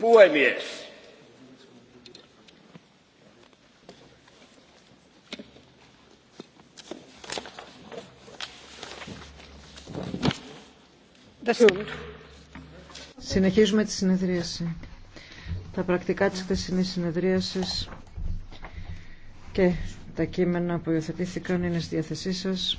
Puhemies. Συνεχίζουμε τη συνεδρίαση. Τα πρακτικά της χθεσινής συνεδρίασης και τα κείμενα που υιοθετήθηκαν είναι στη διάθεσή σας.